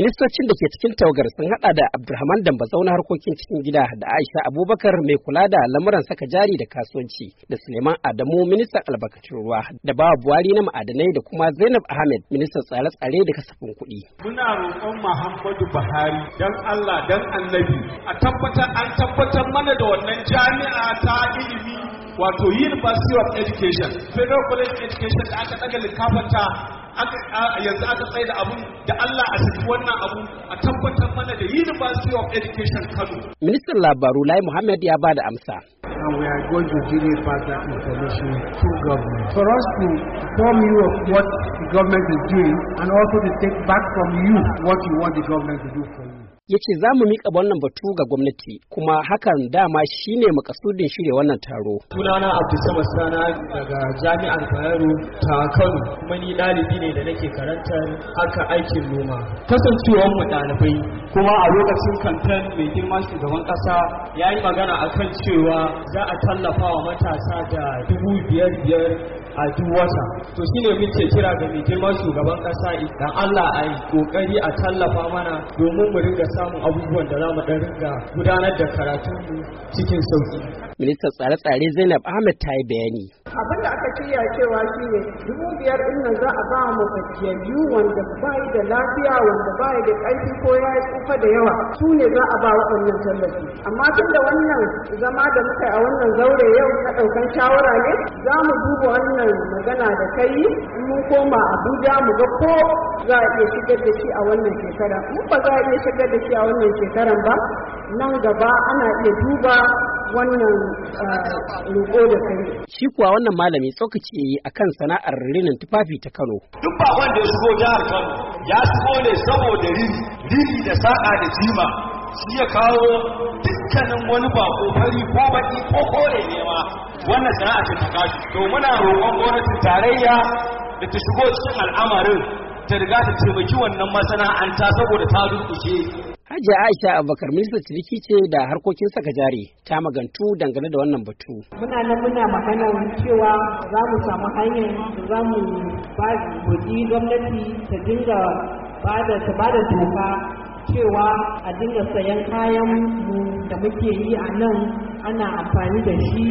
ministocin da ke cikin tawagar sun hada da abdulrahman dambazau na harkokin cikin gida da aisha abubakar mai kula da lamuran saka jari da kasuwanci da suleiman adamu ministan albarkatun ruwa da bawa buhari na ma'adanai da kuma zainab ahmed ministan tsare-tsare da kasafin kuɗi. muna roƙon muhammadu buhari dan allah dan annabi a tabbatar an tabbatar mana da wannan jami'a ta ilimi wato university of education federal college education da aka daga likafanta yanzu aka tsaye da abun da Allah a saki wannan abu a tabbatar mana da University of Education Kano. Ministan labaru Lai Muhammad ya ba da amsa. And we are going to give you further information to government. For us to inform you of what the government is doing and also to take back from you what you want the government to do for you. ya ce za mu miƙa wannan batu ga gwamnati kuma hakan dama shine makasudin shirya wannan taro. Sunana Abdulsamad Sana daga Jami'ar Bayero ta Kano kuma ni ɗalibi ne da nake karantar haka aikin noma. Kasancewar mu ɗalibai kuma a lokacin kantin mai girma shugaban ƙasa ya yi magana akan cewa za a tallafa wa matasa da dubu biyar biyar a duk wata to shine muke kira ga mai masu shugaban ƙasa idan Allah a yi kokari a tallafa mana domin mu ringa samun abubuwan da za mu dan ringa gudanar da karatun cikin sauki ministan tsare-tsare Zainab Ahmed ta yi bayani abinda shirya cewa shi ne dubu biyar ɗin nan za a ba mu gajiyayyu wanda ba yi da lafiya wanda ba yi da ƙarfi ko ya yi tsufa da yawa su ne za a ba waɗannan tallafi amma tun da wannan zama da muka a wannan zaure yau na ɗaukan shawara ne za mu duba wannan magana da kai mun koma abuja mu ga ko za a iya shigar da shi a wannan shekara mun ba za a iya shigar da shi a wannan shekaran ba nan gaba ana iya duba wannan ah, roƙo da kai. Shi kuwa wannan malami tsokaci a kan sana'ar rinin tufafi ta Kano. Duk ba wanda ya shigo jihar Kano ya shigo ne saboda rini, da sa'a da jima. Shi ya kawo dukkanin wani bako fari ko baki ko kore ne ma wannan sana'a ce ta kashi. To muna roƙon gwamnatin tarayya da ta shigo cikin al'amarin ta riga ta taimaki wannan masana'anta saboda ta durkushe Hajiya Aisha Abubakar Minista ciniki ce da harkokin saka jari ta magantu dangane da wannan batu. Muna nan muna magana cewa za mu samu hanyar za mu ba gwamnati ta dinga bada ta ba da doka cewa a dinga sayan kayan mu da muke yi a nan ana amfani da shi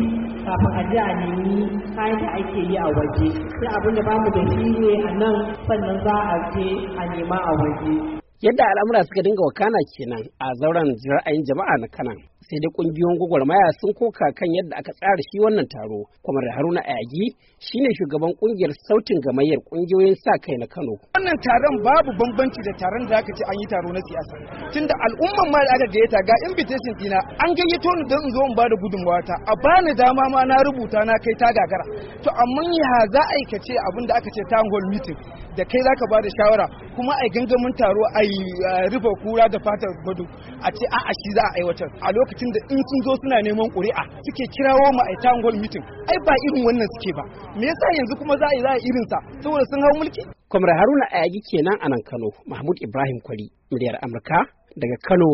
kafin a ji a nemi kayan da ake yi a waje sai abin da bamu da shi ne a nan sannan za a je a nema a waje yadda al'amura suka dinga wakana kenan a zauren jira'ayin jama'a na kanan sai dai kungiyoyin gwagwarmaya sun koka kan yadda aka tsara shi wannan taro kwamar haruna ayagi shine shugaban kungiyar sautin gamayyar kungiyoyin sa kai na kano wannan taron babu bambanci da taron da aka ce an yi taro na siyasa tunda al'umman ma da aka ta ga invitation dina an gayyato ni don in zo in bada gudunmawa ta a bani dama ma na rubuta na kai ta gagara to amma ya za a aikace abin da aka ce town hall meeting da kai zaka bada shawara kuma a gangamin taro a yi eh, rufe kura da fatar gudu a ce a'a shi za a aiwatar a lokacin lokacin da in sun zo suna neman ƙuri'a suke kirawo ma'aita a town meeting ai ba irin wannan suke ba me yasa yanzu kuma za a yi za a irin sa saboda sun hau mulki kamar haruna ayagi kenan a nan kano mahmud ibrahim kwari muryar amurka daga kano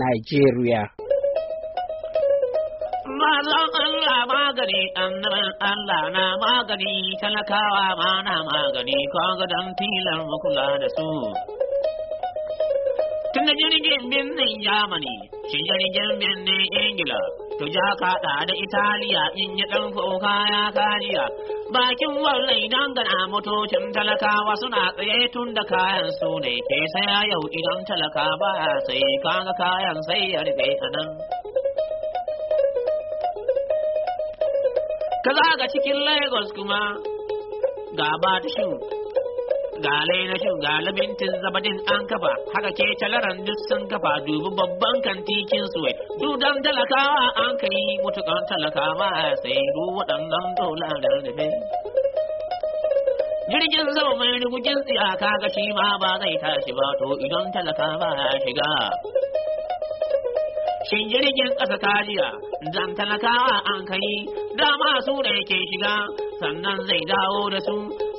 nigeria Mazan Allah magani, annaban Allah na magani, talakawa ma na magani, kwa don tilar makula da su. Tun da jirgin birnin yamani shigaggen ne ingila to ja kaɗa da italiya in yi ɗan kuka ya kariya bakin wallai dangana motocin talakawa suna tsaye tun da kayan su ne ke saya yau idan talaka ba sai kaga kayan sai ya rufe a nan ka cikin lagos kuma ga ba ta ga lainashin ga labintin zabadin an kafa haka ke talaran duk sun kafa dubi babban kantikin su dan talakawa an kai mutukan talakawa sai du waɗannan dolarar da ne jirgin zama mai rigujin ka ga shi ma ba zai tashi ba to idan talakawa ya shiga shin jirgin ƙasa kariya zan talakawa an kai dama su da yake shiga sannan zai dawo da su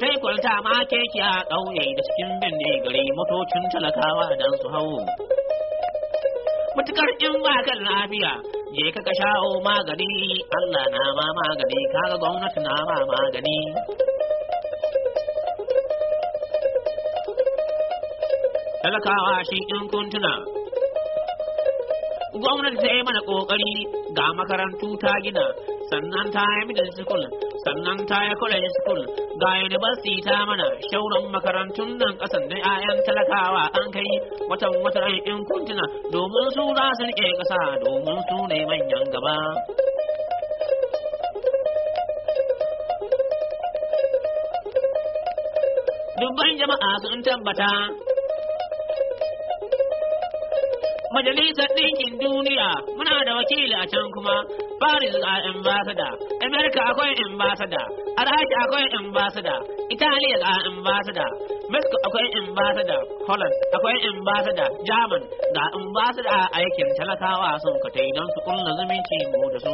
sai kwalta ma keke a ƙauye da cikin binne gari motocin talakawa don su hau matukar in ba kan lafiya je ka ka shawo magani allah na ma magani kaga gwamnati na ma magani talakawa shi in kuntuna gwamnati sai mana kokari ga makarantu ta gina sannan ta yi middle sannan ta yi school ga university ta mana shauran makarantun nan kasan da 'ya'yan talakawa an kai watan watan in kuntuna domin su za su rike kasa domin su ne manyan gaba dubban jama'a sun tabbata Majalisar Ɗinkin Duniya muna da wakili a can kuma Paris a ambassador, America akwai ambassador, Alhaji akwai ambassador, Italy a ambassador, Mexico akwai ambassador, Holland akwai ambassador, German ga ambassador a aikin talakawa sun katai don su kulla zumunci mu da su.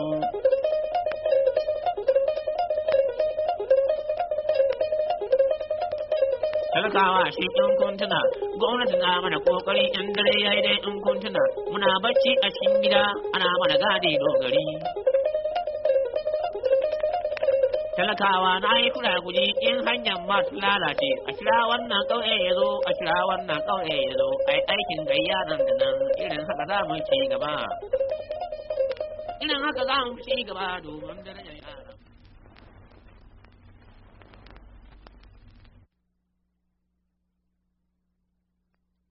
talakawa shi in kuntuna gwamnati na mana kokari in dare yayi dai in kuntuna muna bacci a cikin gida ana mana gadi dogari talakawa na yi kula guji in hanyar masu lalace a kira wannan kauye ya zo a kira wannan kauye ya zo a yi aikin gayya nan da nan irin haka za mu ci gaba irin haka za mu ci gaba domin